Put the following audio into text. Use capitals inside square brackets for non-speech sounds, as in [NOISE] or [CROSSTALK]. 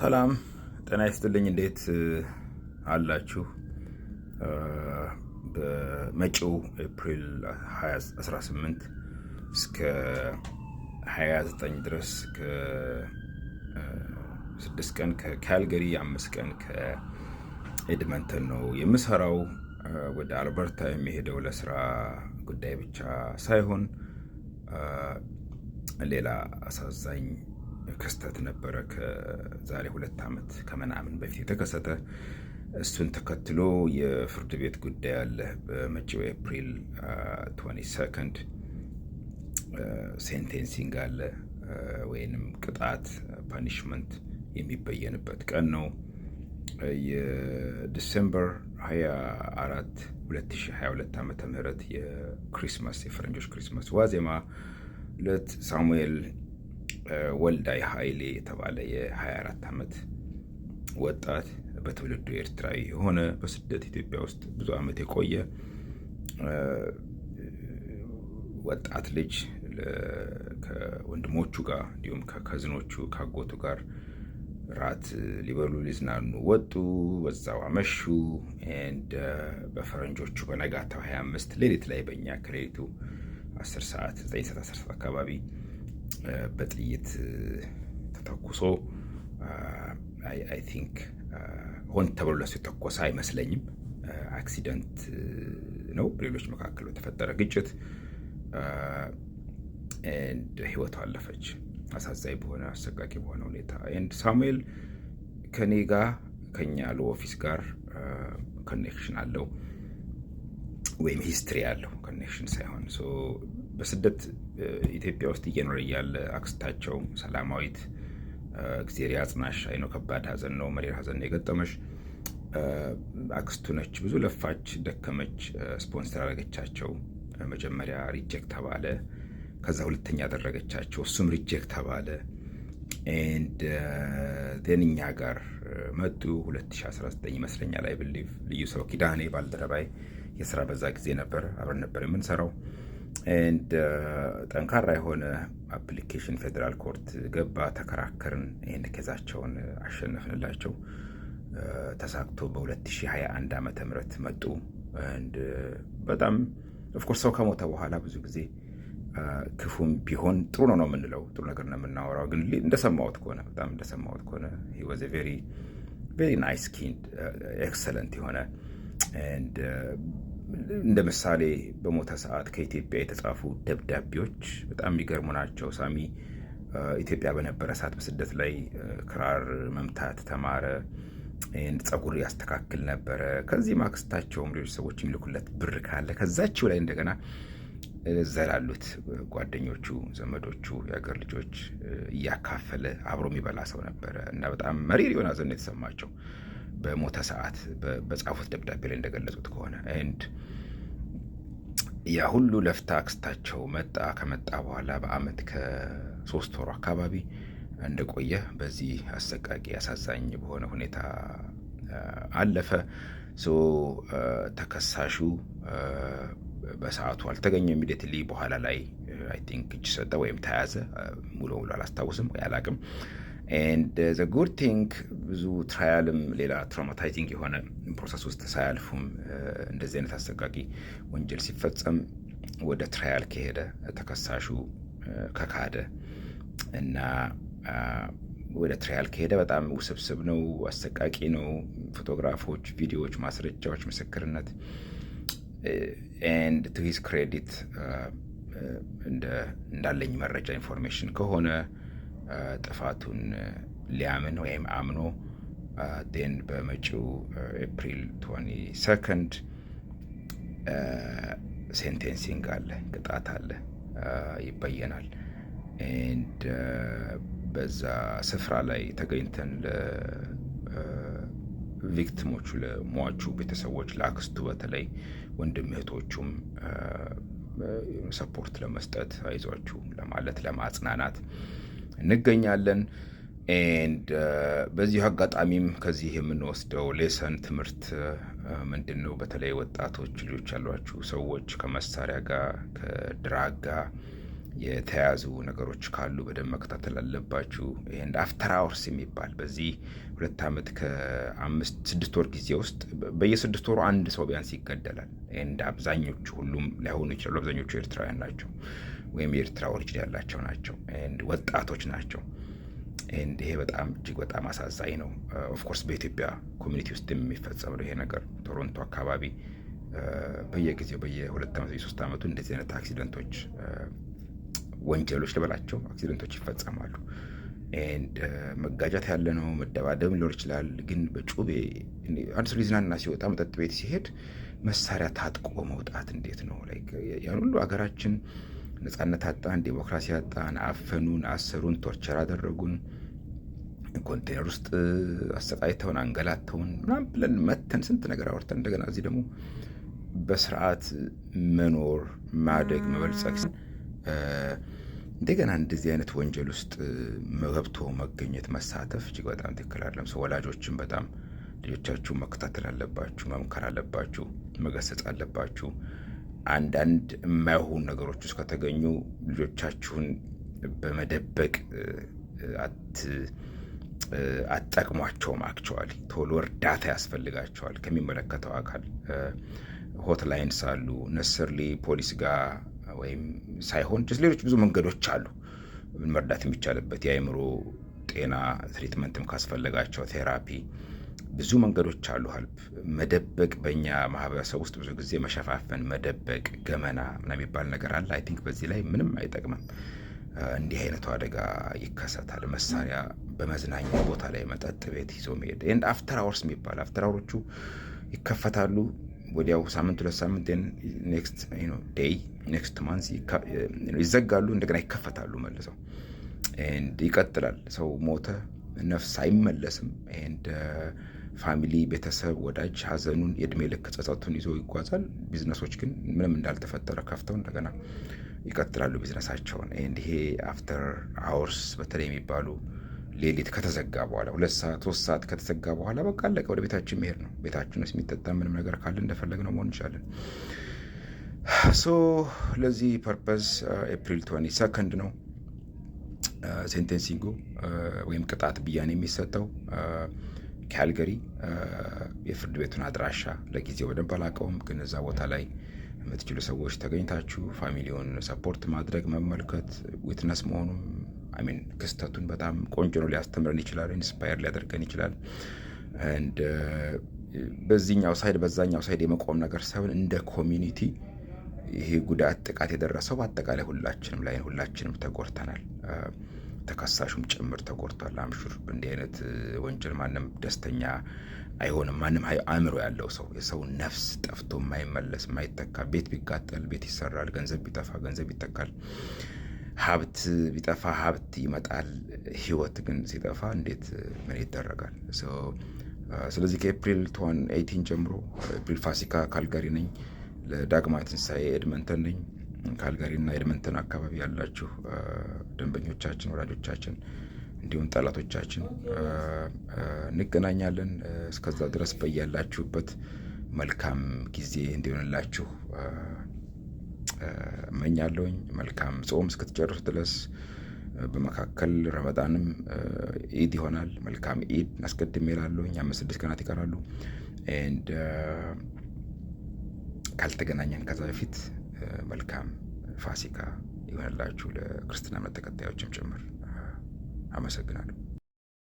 ሰላም ጤና ይስጥልኝ። እንዴት አላችሁ? በመጪው ኤፕሪል 18 እስከ 29 ድረስ ከ6 ቀን ከካልገሪ አምስት ቀን ከኤድመንተን ነው የምሰራው። ወደ አልበርታ የሚሄደው ለስራ ጉዳይ ብቻ ሳይሆን ሌላ አሳዛኝ ክስተት ነበረ ከዛሬ ሁለት ዓመት ከምናምን በፊት የተከሰተ። እሱን ተከትሎ የፍርድ ቤት ጉዳይ አለ። በመጪው ኤፕሪል 22nd ሴንቴንሲንግ አለ ወይንም ቅጣት ፓኒሽመንት የሚበየንበት ቀን ነው። የዲሴምበር 24 2022 ዓመተ ምህረት የክሪስማስ የፈረንጆች ክሪስማስ ዋዜማ ዕለት ሳሙኤል ወልዳይ ኃይሌ የተባለ የ24 ዓመት ወጣት በትውልዱ ኤርትራዊ የሆነ በስደት ኢትዮጵያ ውስጥ ብዙ ዓመት የቆየ ወጣት ልጅ ከወንድሞቹ ጋር እንዲሁም ከከዝኖቹ ከአጎቱ ጋር ራት ሊበሉ ሊዝናኑ ወጡ። በዛው አመሹ። በፈረንጆቹ በነጋታው 25 ሌሊት ላይ በእኛ ከሌሊቱ 10 ሰዓት 9 ሰዓት 10 ሰዓት አካባቢ በጥይት ተተኩሶ አይ ቲንክ ሆን ተብሎ ለሱ የተኮሰ አይመስለኝም። አክሲደንት ነው። በሌሎች መካከል በተፈጠረ ግጭት ህይወቷ አለፈች። አሳዛኝ በሆነ አሰቃቂ በሆነ ሁኔታ ኤንድ ሳሙኤል ከኔ ጋር ከኛ ሎ ኦፊስ ጋር ኮኔክሽን አለው ወይም ሂስትሪ አለው ኮኔክሽን ሳይሆን በስደት ኢትዮጵያ ውስጥ እየኖረ እያለ አክስታቸው ሰላማዊት እግዜር ያጽናሽ፣ አይኖ ከባድ ሀዘን ነው መሪር ሀዘን ነው የገጠመሽ። አክስቱ ነች። ብዙ ለፋች፣ ደከመች፣ ስፖንሰር አደረገቻቸው። መጀመሪያ ሪጀክት ተባለ። ከዛ ሁለተኛ አደረገቻቸው፣ እሱም ሪጀክት ተባለ። ኤንድ ዜን እኛ ጋር መጡ 2019 ይመስለኛል አይ ብሊቭ ልዩ ሰው ኪዳኔ ባልደረባይ የስራ በዛ ጊዜ ነበር አብረን ነበር የምንሰራው Uh, ጠንካራ የሆነ አፕሊኬሽን ፌዴራል ኮርት ገባ፣ ተከራከርን። ይህን ኬዛቸውን አሸነፍንላቸው። uh, ተሳክቶ በ2021 ዓ ም መጡ። uh, በጣም ኦፍኮርስ ሰው ከሞተ በኋላ ብዙ ጊዜ ክፉም ቢሆን ጥሩ ነው ነው የምንለው፣ ጥሩ ነገር ነው የምናወራው። ግን እንደሰማሁት ከሆነ በጣም እንደሰማሁት ከሆነ ሂ ዋዝ ቬሪ ናይስ ኪንድ ኤክሰለንት የሆነ እንደ ምሳሌ በሞተ ሰዓት ከኢትዮጵያ የተጻፉ ደብዳቤዎች በጣም የሚገርሙ ናቸው። ሳሚ ኢትዮጵያ በነበረ ሰዓት በስደት ላይ ክራር መምታት ተማረ። ይህን ጸጉር ያስተካክል ነበረ። ከዚህ ማክስታቸውም ሌሎች ሰዎች የሚልኩለት ብር ካለ ከዛችው ላይ እንደገና እዛ ላሉት ጓደኞቹ፣ ዘመዶቹ፣ የአገር ልጆች እያካፈለ አብሮ የሚበላ ሰው ነበረ እና በጣም መሪር የሆነ ሐዘን የተሰማቸው። በሞተ ሰዓት በጻፉት ደብዳቤ ላይ እንደገለጹት ከሆነ ንድ ያ ሁሉ ለፍታ አክስታቸው መጣ ከመጣ በኋላ በአመት ከሶስት ወሩ አካባቢ እንደቆየ በዚህ አሰቃቂ አሳዛኝ በሆነ ሁኔታ አለፈ። ተከሳሹ በሰዓቱ አልተገኘም። ኢሚዲየትሊ በኋላ ላይ አይ ቲንክ እጅ ሰጠ ወይም ተያዘ። ሙሉ ሙሉ አላስታውስም ያላቅም ኤንድ ዘ ጉድ ቲንግ ብዙ ትራያልም ሌላ ትራውማታይዚንግ የሆነ ፕሮሰስ ውስጥ ሳያልፉም uh, እንደዚህ አይነት አሰቃቂ ወንጀል ሲፈጸም ወደ ትራያል ከሄደ ተከሳሹ uh, ከካደ እና uh, ወደ ትራያል ከሄደ በጣም ውስብስብ ነው፣ አሰቃቂ ነው። ፎቶግራፎች፣ ቪዲዮዎች፣ ማስረጃዎች፣ ምስክርነት ኤንድ ቱ ሂስ ክሬዲት እንዳለኝ መረጃ ኢንፎርሜሽን ከሆነ ጥፋቱን ሊያምን ወይም አምኖ ን በመጪው ኤፕሪል ቶኒ ንድ ሴንቴንሲንግ አለ፣ ቅጣት አለ፣ ይበየናል። ኤንድ በዛ ስፍራ ላይ ተገኝተን ለቪክቲሞቹ ለሟቹ ቤተሰቦች ለአክስቱ፣ በተለይ ወንድም እህቶቹም ሰፖርት ለመስጠት አይዟችሁ ለማለት ለማጽናናት እንገኛለን። ኤንድ uh, በዚሁ አጋጣሚም ከዚህ የምንወስደው ሌሰን ትምህርት uh, ምንድን ነው? በተለይ ወጣቶች ልጆች ያሏችሁ ሰዎች ከመሳሪያ ጋር ከድራግ ጋር የተያያዙ ነገሮች ካሉ በደንብ መከታተል አለባችሁ። ኤንድ አፍተር አወርስ የሚባል በዚህ ሁለት ዓመት ከአምስት ስድስት ወር ጊዜ ውስጥ በየስድስት ወሩ አንድ ሰው ቢያንስ ይገደላል። ኤንድ አብዛኞቹ ሁሉም ላይሆኑ ይችላሉ። አብዛኞቹ ኤርትራውያን ናቸው። ወይም የኤርትራ ኦሪጅን ያላቸው ናቸው፣ ወጣቶች ናቸው። ይሄ በጣም እጅግ በጣም አሳዛኝ ነው። ኦፍኮርስ uh, በኢትዮጵያ ኮሚኒቲ ውስጥ የሚፈጸም ነው ይሄ ነገር። ቶሮንቶ አካባቢ uh, በየጊዜው በየሁለት ዓመቱ የሶስት ዓመቱ እንደዚህ አይነት አክሲደንቶች፣ uh, ወንጀሎች ልበላቸው አክሲደንቶች ይፈጸማሉ። መጋጃት ያለ ነው፣ መደባደብ ሊኖር ይችላል። ግን በጩቤ አንድ ሰው ሊዝናና ሲወጣ መጠጥ ቤት ሲሄድ መሳሪያ ታጥቆ መውጣት እንዴት ነው? ያን ሁሉ አገራችን ነጻነት አጣን፣ ዴሞክራሲ አጣን፣ አፈኑን፣ አሰሩን፣ ቶርቸር አደረጉን፣ ኮንቴነር ውስጥ አሰቃይተውን፣ አንገላተውን ምናምን ብለን መተን ስንት ነገር አወርተን እንደገና እዚህ ደግሞ በስርዓት መኖር ማደግ መበልጸግ እንደገና እንደዚህ አይነት ወንጀል ውስጥ ገብቶ መገኘት መሳተፍ እጅግ በጣም ትክክል አይደለም። ሰው ወላጆችን በጣም ልጆቻችሁ መከታተል አለባችሁ፣ መምከር አለባችሁ፣ መገሰጽ አለባችሁ። አንዳንድ የማይሆኑ ነገሮች ውስጥ ከተገኙ ልጆቻችሁን በመደበቅ አትጠቅሟቸውም። አክቸዋሊ ቶሎ እርዳታ ያስፈልጋቸዋል ከሚመለከተው አካል ሆትላይንስ አሉ። ነስርሊ ፖሊስ ጋር ወይም ሳይሆን ሌሎች ብዙ መንገዶች አሉ መርዳት የሚቻልበት የአእምሮ ጤና ትሪትመንትም ካስፈለጋቸው ቴራፒ ብዙ መንገዶች አሉ። ሀልፕ መደበቅ በእኛ ማህበረሰብ ውስጥ ብዙ ጊዜ መሸፋፈን፣ መደበቅ፣ ገመና ምናምን የሚባል ነገር አለ። አይ ቲንክ በዚህ ላይ ምንም አይጠቅምም። እንዲህ አይነቱ አደጋ ይከሰታል። መሳሪያ በመዝናኛ ቦታ ላይ መጠጥ ቤት ይዞ መሄድ ኤንድ አፍተር አወርስ የሚባል አፍተር አወሮቹ ይከፈታሉ። ወዲያው ሳምንት ሁለት ሳምንት ኔክስት ዴይ ኔክስት ማንስ ይዘጋሉ። እንደገና ይከፈታሉ መልሰው ኤንድ ይቀጥላል። ሰው ሞተ ነፍስ አይመለስም። እንደ ፋሚሊ፣ uh, ቤተሰብ፣ ወዳጅ ሀዘኑን የእድሜ ልክ ጸጸቱን ይዞ ይጓዛል። ቢዝነሶች ግን ምንም እንዳልተፈጠረ ከፍተው እንደገና ይቀጥላሉ ቢዝነሳቸውን። ይሄ አፍተር አወርስ በተለይ የሚባሉ ሌሊት ከተዘጋ በኋላ ሁለት ሰዓት ሶስት ሰዓት ከተዘጋ በኋላ በቃ አለቀ። ወደ ቤታችን መሄድ ነው። ቤታችን ውስጥ የሚጠጣ ምንም ነገር ካለ እንደፈለግ ነው መሆን እንችላለን። ሶ [SIGHS] ለዚህ ፐርፐዝ ኤፕሪል ትዌንቲ ሰከንድ ነው ሴንቴንሲንጉ ወይም ቅጣት ብያኔ የሚሰጠው ካልገሪ የፍርድ ቤቱን አድራሻ ለጊዜው በደንብ አላውቀውም፣ ግን እዛ ቦታ ላይ የምትችሉ ሰዎች ተገኝታችሁ ፋሚሊውን ሰፖርት ማድረግ መመልከት፣ ዊትነስ መሆኑም አሚን ክስተቱን በጣም ቆንጆ ነው። ሊያስተምረን ይችላል፣ ኢንስፓየር ሊያደርገን ይችላል። በዚህኛው ሳይድ በዛኛው ሳይድ የመቆም ነገር ሳይሆን እንደ ኮሚኒቲ ይሄ ጉዳት ጥቃት የደረሰው በአጠቃላይ ሁላችንም ላይ ሁላችንም ተጎድተናል። ተከሳሹም ጭምር ተጎድቷል። አምሹር እንዲህ አይነት ወንጀል ማንም ደስተኛ አይሆንም። ማንም አእምሮ ያለው ሰው የሰው ነፍስ ጠፍቶ የማይመለስ የማይተካ ቤት ቢቃጠል ቤት ይሰራል፣ ገንዘብ ቢጠፋ ገንዘብ ይተካል፣ ሀብት ቢጠፋ ሀብት ይመጣል። ህይወት ግን ሲጠፋ እንዴት ምን ይደረጋል? ስለዚህ ከኤፕሪል ቱዋን ኤይቲን ጀምሮ ኤፕሪል ፋሲካ ካልጋሪ ነኝ ለዳግማዊ ትንሣኤ ኤድመንተን ነኝ። ካልጋሪና ኤድመንተን አካባቢ ያላችሁ ደንበኞቻችን፣ ወዳጆቻችን እንዲሁም ጠላቶቻችን እንገናኛለን። እስከዛ ድረስ በያላችሁበት መልካም ጊዜ እንዲሆንላችሁ እመኛለሁኝ። መልካም ጾም እስክትጨርስ ድረስ በመካከል ረመጣንም ኢድ ይሆናል። መልካም ኢድ አስቀድሜ እላለሁኝ። አምስት ስድስት ቀናት ይቀራሉ። ካልተገናኘን ከዛ በፊት መልካም ፋሲካ ይሆንላችሁ። ለክርስትና እምነት ተከታዮችም ጭምር አመሰግናለሁ።